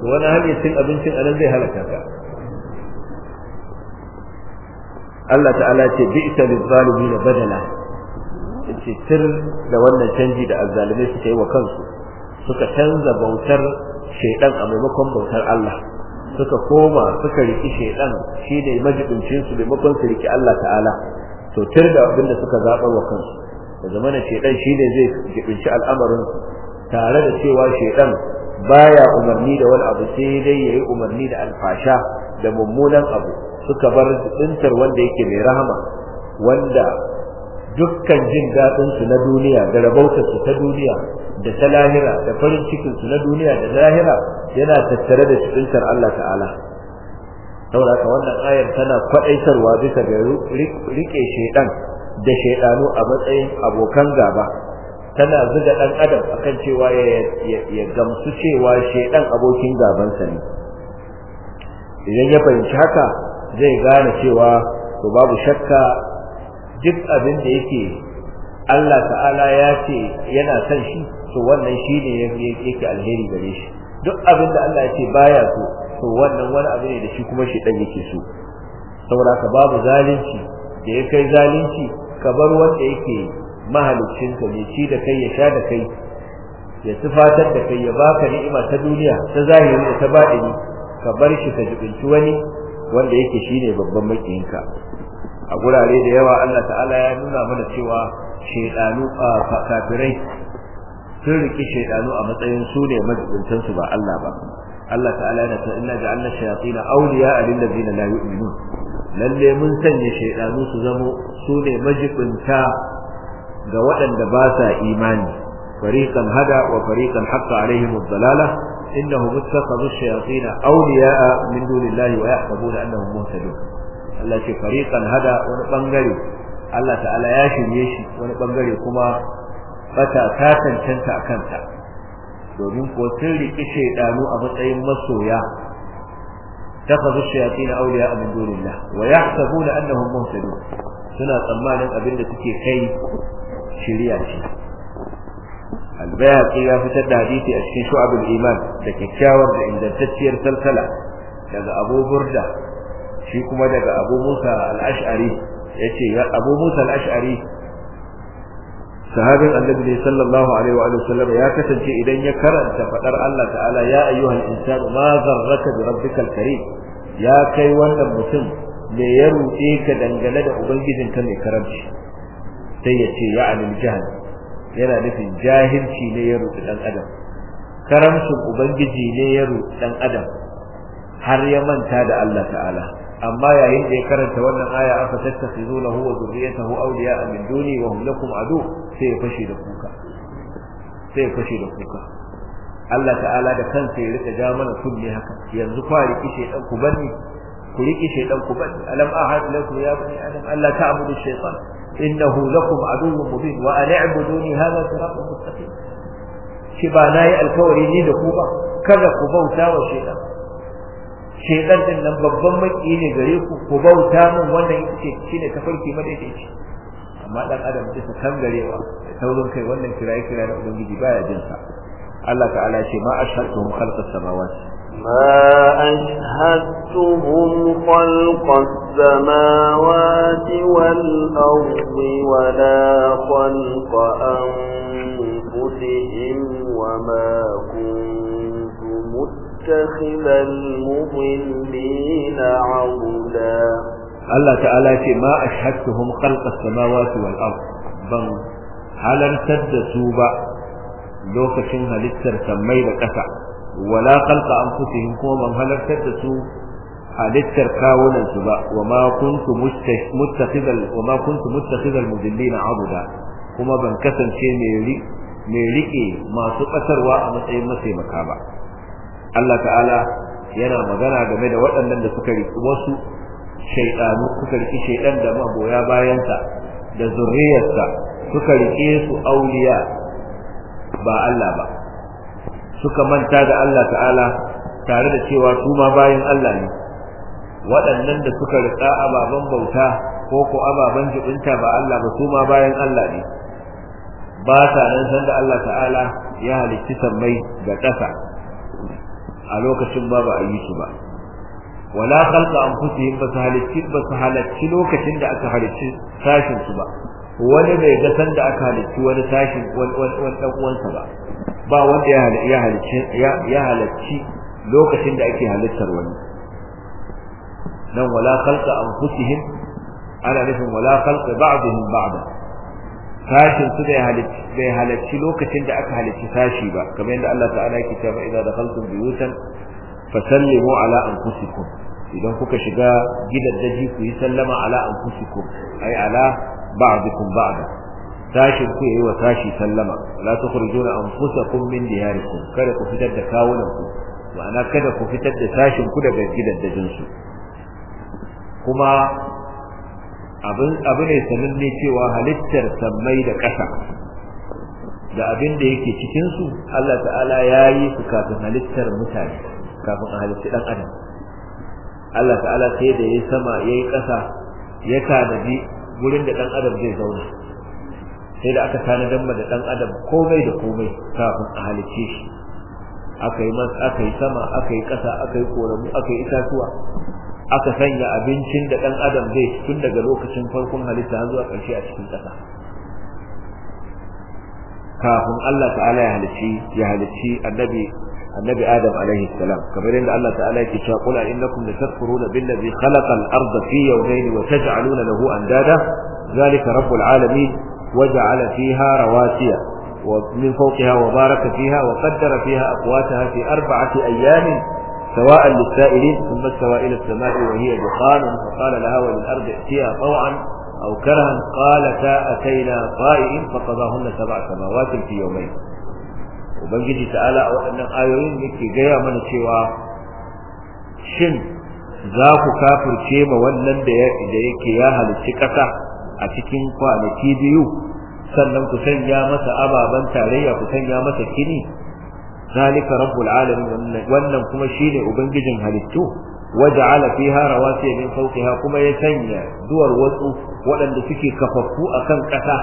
Speaker 1: to wannan hanyar cin abincin nan zai halaka ka Allah ta'ala ce bi'sa lil zalimin badala yace tir da wannan canji da azzalimai suka yi wa kansu suka canza bautar shaiɗan a maimakon bautar Allah suka koma suka riki shaydan shine majibincin su maimakon su riki Allah ta'ala to tir da abinda suka zabar wa kansu da zamana shi shine zai jibinci al'amarin tare da cewa shaydan baya umarni da wani abu sai dai yayi umarni da alfasha da mummunan abu suka bar dintar wanda yake mai rahama wanda dukkan jin daɗin su na duniya da rabauta su ta duniya da ta lahira da farin cikin su na duniya da lahira yana tattare da cikintar Allah ta'ala saboda ka wannan ayar tana faɗaitarwa bisa ga riƙe shedan da shedanu a matsayin abokan gaba tana zuga ɗan adam akan cewa ya ya gamsu cewa shedan abokin gabansa ne idan ya fahimci haka zai gane cewa to babu shakka duk abin da yake Allah ta'ala ya ce yana son shi to wannan shi ne yake alheri gare shi duk abin da Allah ya ce baya so to wannan wani abu ne da shi kuma shi dan yake so saboda ka babu zalunci da ya kai zalunci ka bar wanda yake mahaliccin ka ne ci da kai ya sha da kai ya tufatar da kai ya baka ni'ima ta duniya ta zahiri da ta baɗini ka bar shi ka jibinci wani wanda yake shine babban makiyinka a gurare da yawa Allah ta'ala ya nuna mana cewa shedanu a sun riki shaidanu a matsayin su ne su ba Allah ba Allah ta'ala ya ta inna ja'alna shayatin awliya'a lil ladina la yu'minun lalle mun sanya shaiɗanu su zamo su ne majibinta ga waɗanda ba sa imani fariqan hada wa fariqan haqqa alaihim ad-dalalah innahum ittakhadhu ash-shayatin awliya'a min dunillahi wa yahsabuna annahum Allah ce fariqan hada wani bangare Allah ta'ala ya shirye shi wani bangare kuma bata ta tantanta akan ta domin ko sun riki shaydanu a matsayin masoya takhadhu shayatin awliya min dunillah wa yahsabuna annahum muhtadun suna tsammanin abinda suke kai shiriya ce albayaqi ya fitar da hadisi a cikin shu'abul iman da kyakkyawar da ingantacciyar salsala daga abu burda shi kuma daga abu musa al-ash'ari yace ya abu musa al-ash'ari sahabin annabi ne sallallahu alaihi wa sallam ya kasance idan ya karanta fadar Allah ta'ala ya ayyuhal insanu ma zarraka bi rabbikal karim ya kai wannan mutum me ya ruɗe ka dangane da ubangijin ubangijinka mai karamci sai ya ce ya alil jahal yana nufin jahilci ne ya ruɗe dan adam karamcin ubangiji ne ya ruɗe dan adam har ya manta da Allah ta'ala amma yayin da ya karanta wannan aya afa tattakhidhunahu wa dhurriyyatahu awliya'a min duni wa hum lakum adu sai ya fashe da kuka sai ya fashe da kuka Allah ta'ala da kansa ya rika ja mana kulli haka yanzu fa riki shedan ku bani ku riki shedan ku bani alam ahad lakum ya bani adam Allah ta'budu shaytan innahu lakum aduwwun mubin wa an i'buduni hadha
Speaker 2: siratun mustaqim
Speaker 1: shi ba nayi alkawari ni da ku ba kada ku bauta wa shedan shedan din nan babban maki ne gare ku ku bauta min wannan yake shine tafarki madaidaici amma dan adam sai ta garewa da taurin kai wannan kirayi kiraye da ubangiji baya jin sa Allah ta'ala ce ma ashhadtuhum khalqa samawati
Speaker 2: ma ashhadtuhum khalqa samawati wal ardi wa la khalqa anfusihim wa ma يتخذ المضلين عضدا الله تعالى ce
Speaker 1: ma ashhadtuhum khalqa as-samawati wal ard ban halartar da su ba lokacin halittar sammai da ƙasa wala khalqa anfusihim ko ban halartar da su halittar kawunan ba wa ma kuntu muttakhidal wa ma kuntu muttakhidal mudillina abuda kuma ban kasance mai riƙe masu batarwa a matsayin mataimaka ba Allah ta'ala yana magana game da waɗannan da suka riƙi wasu shaidanu suka riƙi shaidan da magoya bayansa da zuriyarsa suka riƙe su auliya ba Allah ba suka manta da Allah ta'ala tare da cewa su ma bayan Allah ne waɗannan da suka riƙa ababen bauta ko ko ababen jibinta ba Allah ba su ma bayan Allah ne ba sa nan sanda Allah ta'ala ya halicci sammai da ƙasa a lokacin ba ba a yi su ba wala khalqa anfusihim ba su ba su halicci lokacin da aka halicci sashin su ba wani bai ga san da aka halicci wani sashin wani dan uwansa ba ba wanda ya halicci ya halicci lokacin da ake halittar wani nan wala khalqa anfusihim ana nufin wala khalqa ba'dihim ba'da sashin su bai halarci lokacin da aka halarci sashi ba kamar yadda Allah ta'ala yake cewa idza dakhaltum buyutan fasallimu ala anfusikum idan kuka shiga gidaddaji ku yi sallama ala anfusikum ay ala ba'dikum ba'da sashin ku yi wa sashi sallama la tukhrijuna anfusakum min diyarikum kada ku fitar da kawunan ku ma'ana kada ku fitar da sashin ku daga gidan su kuma abu ne sananne cewa halittar sammai da ƙasa da abin da yake cikinsu Allah ta'ala ya yi su kafin halittar mutane kafin a halitti ɗan adam Allah ta'ala sai da ya sama ya yi ƙasa ya tanadi wurin da ɗan adam zai zauna sai da aka tanadar ma da ɗan adam komai da komai kafin a halitte shi aka yi sama aka yi ƙasa aka yi ƙoramu aka yi itatuwa aka sanya abincin da ɗan adam zai tun daga lokacin farkon halitta har zuwa ƙarshe a cikin ƙasa kafin Allah ta'ala ya halici ya halici annabi annabi adam alaihi salam kamar yadda Allah ta'ala yake cewa qul innakum latakfuruna billazi khalaqa al-ardha fi yawmayn wa taj'aluna lahu andada zalika rabbul alamin waja'ala fiha rawasiya ومن فوقها وبارك فيها وقدر فيها أقواتها في أربعة أيام سواء للسائلين ثم استوى إلى السماء وهي دخان فقال لها وللأرض ائتيها طوعا أو كرها قالتا أتينا طائعين فقضاهن سبع سماوات في يومين وبنجي تعالى وأن آيوين يكي جاية من سوى شن ذاك كافر كيما ولن ديك يا هل السكتة أتكين قوانتي بيو sannan ku sanya masa ababen tarayya ku sanya masa kini zalika rabbul alamin wannan kuma shine ubangijin halittu waja'ala fiha rawasiya min fawqiha kuma ya sanya duwar wasu waɗanda suke kafaffu akan ƙasa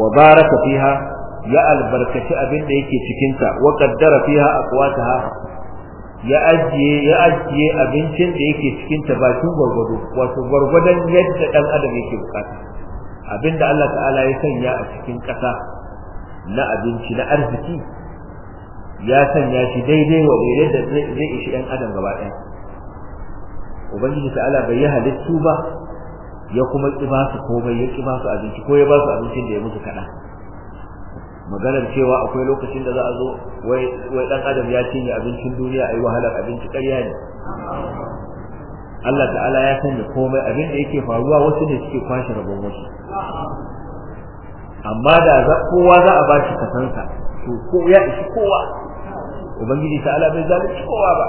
Speaker 1: wa baraka fiha ya albarkaci abin da yake cikin ta wa qaddara fiha aqwataha ya ajiye ya ajiye abincin da yake cikin ta bakin gwargwado wato gwargwadon yadda dan adam yake bukata abinda Allah ta'ala ya sanya a cikin ƙasa na abinci na arziki ya sanya shi daidai wa yadda zai ishi ɗan adam gaba ɗaya ubangiji ta'ala bai yi halittu ba ya kuma ki ba su komai ya ki ba su abinci ko ya ba su abincin da ya musu kaɗan maganar cewa akwai lokacin da za a zo wai ɗan adam ya cinye abincin duniya a yi wahalar abinci ƙarya ne Allah ta'ala ya sanya komai abin da yake faruwa wasu ne suke kwashe rabon wasu amma da kowa za a ba shi kasansa to ko ya ishi kowa ubangiji ta ala bai zalunci kowa ba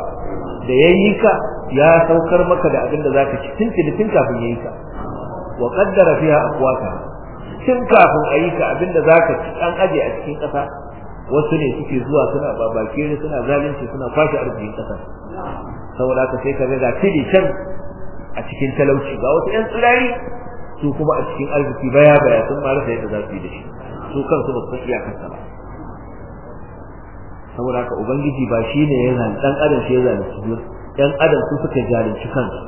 Speaker 1: da yayi ka ya saukar maka da abin da zaka ci tun tun kafin yayi ka wa qaddara fiha aqwaka tun kafin ayi ka abin da zaka ci an aje a cikin kasa wasu ne suke zuwa suna babake ne suna zalunci suna kwashi arzikin kasa saboda haka sai ka ga tili can a cikin talauci ga wasu yan tsirari su kuma a cikin arziki baya baya sun ma yadda za su yi da shi su kansu ba su iya kansa ba saboda haka ubangiji ba shi ne ya zan dan adam shi ya zalunci biyu dan adam su suka zalunci kansu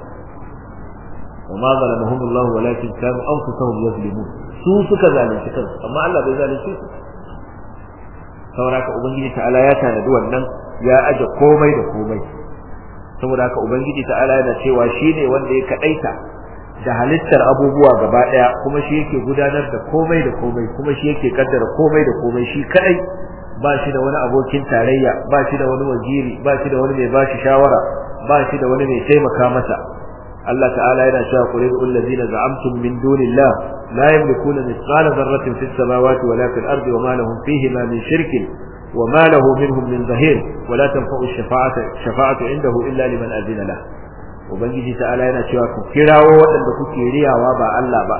Speaker 1: وما ظلمهم الله ولكن كانوا انفسهم يظلمون su suka zalunci kansu amma Allah bai zalunce su saboda haka ubangiji ta'ala ya tanadi wannan ya aje komai da komai saboda haka ubangiji ta'ala yana cewa shine wanda ya kadaita da halittar abubuwa gaba daya kuma shi yake gudanar da komai da komai kuma shi yake kaddara komai da komai shi kadai ba shi da wani abokin tarayya ba shi da wani wajiri. ba shi da wani mai ba shi shawara ba shi da wani mai taimaka masa Allah ta'ala yana cewa qulil allazina za'amtum min dunillah la yamlikuna mithqala dharratin fis samawati wala fil ardi wama lahum fihi ma min shirkin wama lahu minhum min zahir wala tanfa'u ash-shafa'atu shafa'atu indahu illa liman azina lah ubangiji ta'ala yana cewa ku kirawo waɗanda kuke riyawa ba Allah ba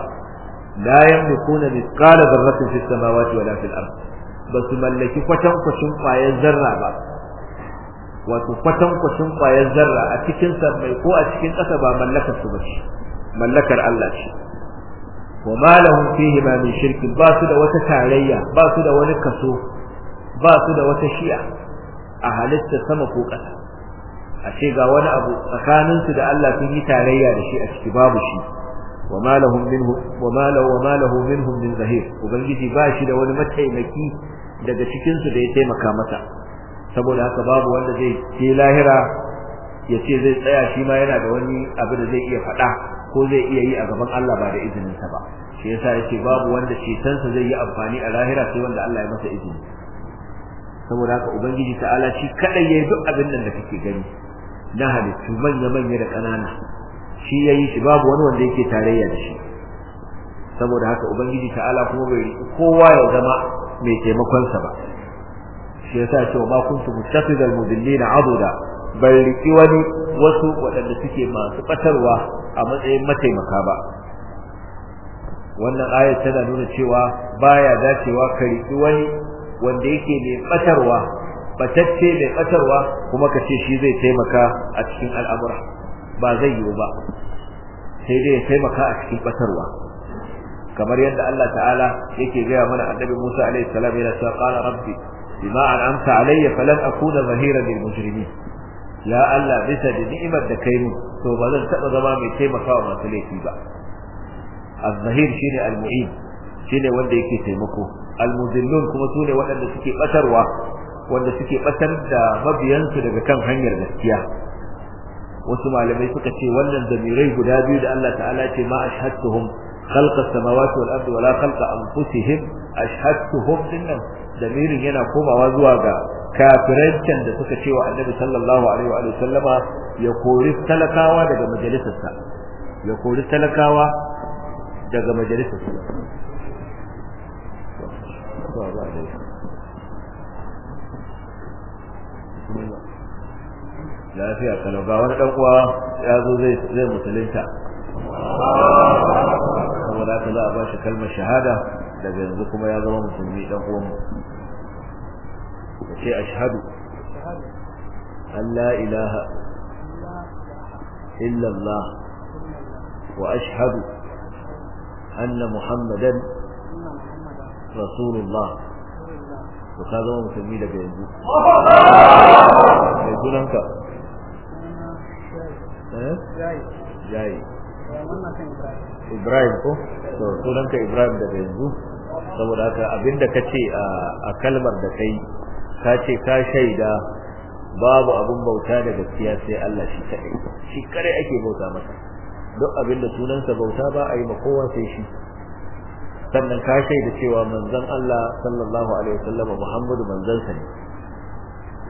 Speaker 1: la yamlikuna mithqala dharratin fis samawati wala fil ardi ba su mallaki kwatankwacin kwayar zarra ba wato kwatankwacin kwayar zarra a cikin sammai ko a cikin ƙasa ba mallakar su ba ce mallakar Allah ce wa ma lahum fihi ma min shirkin ba su da wata tarayya ba su da wani kaso ba su da wata shi'a a halitta sama ko ƙasa a ce ga wani abu tsakanin su da Allah sun yi tarayya da shi a ciki babu shi wa ma lahum minhu wa ma lahu wa ma lahu minhum min zahir ubangiji ba shi da wani mataimaki daga cikinsu da ya taimaka masa saboda haka babu wanda zai ce lahira ya ce zai tsaya shi ma yana da wani abu da zai iya faɗa ko zai iya yi a gaban Allah ba da izininsa ba shi yasa yake babu wanda cetonsa zai yi amfani a lahira sai wanda Allah ya masa izini saboda haka ubangiji ta'ala shi kadai yayi duk abin nan da kake gani na halittu manya manya da kanana shi yayi shi babu wani wanda yake tarayya da shi saboda haka ubangiji ta'ala kuma bai riki kowa ya zama mai taimakon sa ba shi yasa cewa ma kuntu mustafidal mudillina aduda bai riki wani wasu waɗanda suke masu batarwa a matsayin mataimaka ba wannan ayat tana nuna cewa baya dacewa ka riki wani wanda yake mai batarwa batacce mai batarwa kuma ka ce shi zai taimaka a cikin al'amura ba zai yiwu ba sai dai ya taimaka a cikin batarwa kamar yadda Allah ta'ala yake gaya mana annabi Musa alaihi salam yana cewa qala rabbi bima an'amta alayya falan akuna zahira lil mujrimin ya Allah bisa da ni'imar da kai mu to ba zan taba zama mai taimakawa masu laifi ba az-zahir shine al-mu'in shine wanda yake taimako al kuma sune waɗanda suke batarwa wanda suke batar da mabiyansu daga kan hanyar gaskiya wasu malamai suka ce wannan zamirai guda biyu da Allah ta'ala ce ma ashhadtuhum Halkar sama wa shi al'adu wala halka amfutihin ashish hosinan da mirin yana komawa zuwa ga. Kafirintan da suka cewa annabi sallallahu alaihi wa sallama ya kori talakawa daga majalisarsa ya kori talakawa daga majalisarsa. Lafiya kala bawa ɗan uwa ya zo zai musulunta. saboda haka za a ba shi kalmar shahada daga yanzu kuma ya zama musulmi dan uwan sai ashhadu an la ilaha illallah Allah wa ashhadu anna muhammadan rasulullah to ka zama musulmi daga yanzu mai sunanka eh jayi
Speaker 2: Ibrahim
Speaker 1: ko to sunanka Ibrahim daga yanzu saboda haka abinda ce a kalmar da kai ka ce ka shaida babu abin bauta da gaskiya sai Allah shi kadai shi kadai ake bauta masa duk abinda sunansa bauta ba a yi ma sai shi sannan ka shaida cewa manzon Allah sallallahu alaihi wasallam Muhammadu manzansa ne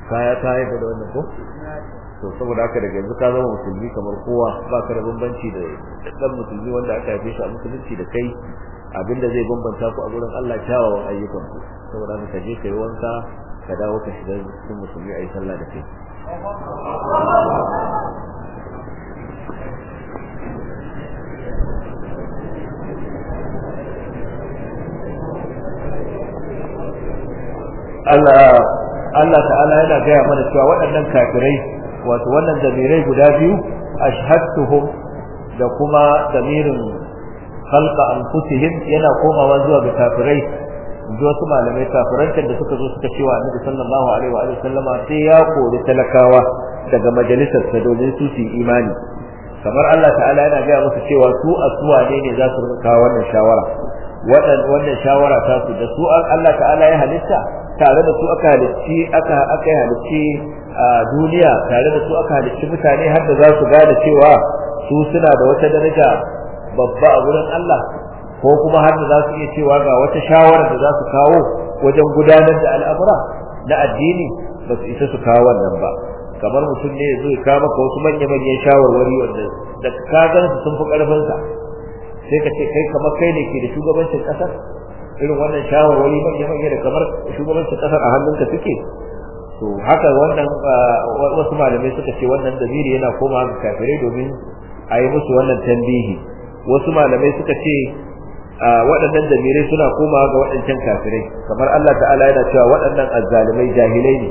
Speaker 1: kaya ta kaya da wannan ko to saboda haka daga yanzu ka zama musulmi kamar kowa ba ka da bambanci da dan musulmi wanda aka haife shi a musulunci da kai abinda zai bambanta ku a gurin Allah kyawawan ayyukan ku saboda haka ka je kai wanka ka dawo ka shiga cikin musulmi ayi sallah da kai Allah Allah ta'ala yana gaya mana cewa waɗannan kafirai wato wannan damirai guda biyu ashhadtuhum da kuma damirin khalqa anfusihim yana komawa zuwa ga kafirai zuwa su malamai kafirantar da suka zo suka cewa annabi sallallahu alaihi wa sallama sai ya kori talakawa daga majalisar ta domin su su imani kamar Allah ta'ala yana gaya musu cewa su asuwa ne ne za su rinka wannan shawara wannan shawara ta su da su Allah ta'ala ya halitta tare da su aka halicci aka aka halicci a duniya tare da su aka halicci mutane har da za su gane cewa su suna da wata daraja babba a wurin Allah ko kuma har da za su iya cewa ga wata shawara da za su kawo wajen gudanar da al'amura na addini ba su isa su kawo wannan ba kamar mutum ne zai ka maka wasu manya-manyan shawarwari wanda da ka su sun fi ƙarfinsa sai ka ce kai kamar kai ne ke da shugabancin ƙasar irin wannan shawarwari manya-manya da kamar shugabancin ƙasar a hannunka suke to haka wannan wasu malamai suka ce wannan damiri yana koma ga kafirai domin a yi musu wannan tambihi wasu malamai suka ce waɗannan damirai suna koma ga waɗancan kafirai kamar Allah ta'ala yana cewa waɗannan azzalimai jahilai ne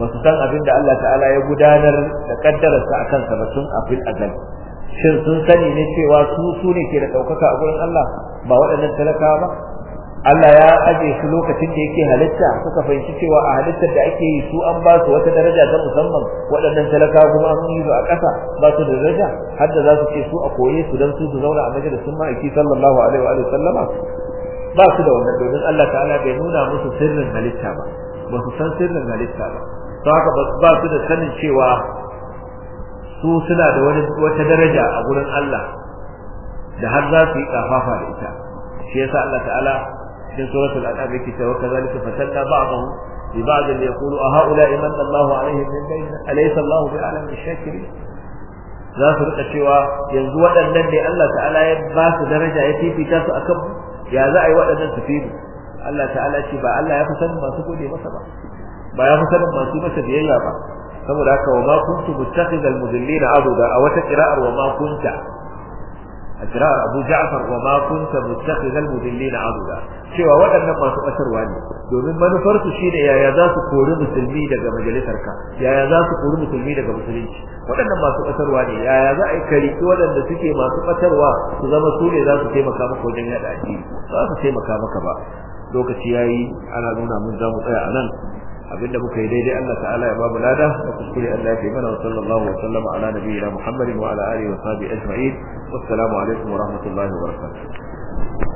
Speaker 1: ba su san abin da Allah ta'ala ya gudanar da ƙaddararsa a kansa ba tun afil azal shin sun sani ne cewa su su ne ke da ɗaukaka a gurin Allah ba waɗannan talakawa ba Allah ya aje su lokacin da yake halitta suka fahimci cewa a halittar da ake yi su an ba su wata daraja ta musamman waɗannan talaka kuma an yi su a ƙasa ba su da daraja har da za su ce su a koye su dan su su zauna a majalisun ma'aiki sallallahu alaihi wa sallama ba su da wannan domin Allah ta'ala bai nuna musu sirrin halitta ba ba su san sirrin halitta ba don haka ba su da sanin cewa su suna da wani wata daraja a gurin Allah da har za su yi kafafa da ita shi yasa Allah ta'ala cikin في سورة الأنعام كتاب وكذلك فتنا بعضهم ببعض ليقولوا أهؤلاء من الله عليهم من بين أليس الله بأعلم بالشاكرين za su rika cewa yanzu waɗannan ne Allah ta'ala ya ba su daraja ya fifita su akan mu ya za a yi waɗannan su fi Allah ta'ala ce ba Allah ya fi sanin masu gode masa ba ba ya fi sanin masu masa biyayya ba saboda haka wa ma kuntu muttaqidal mudillina abuda a wata qira'ar wa ma kunta a a Abu Ja'far wa ma kunta muttakhidhal mudillina da cewa waɗannan masu batarwa ne domin manufar su shine yaya za su kori musulmi daga majalisar ka yaya za su kori musulmi daga musulunci waɗannan masu batarwa ne yaya za a yi kari waɗanda suke masu batarwa su zama su ne za su taimaka maka wajen yada addini ba su taimaka maka ba lokaci yayi ana nuna mun za mu tsaya a nan abinda muka yi daidai Allah ta'ala ya babu lada da kuskure Allah ya fi mana wa sallallahu wa sallama ala nabiyina Muhammadin wa ala alihi wa sahbihi ajma'in wassalamu alaikum wa rahmatullahi wa barakatuh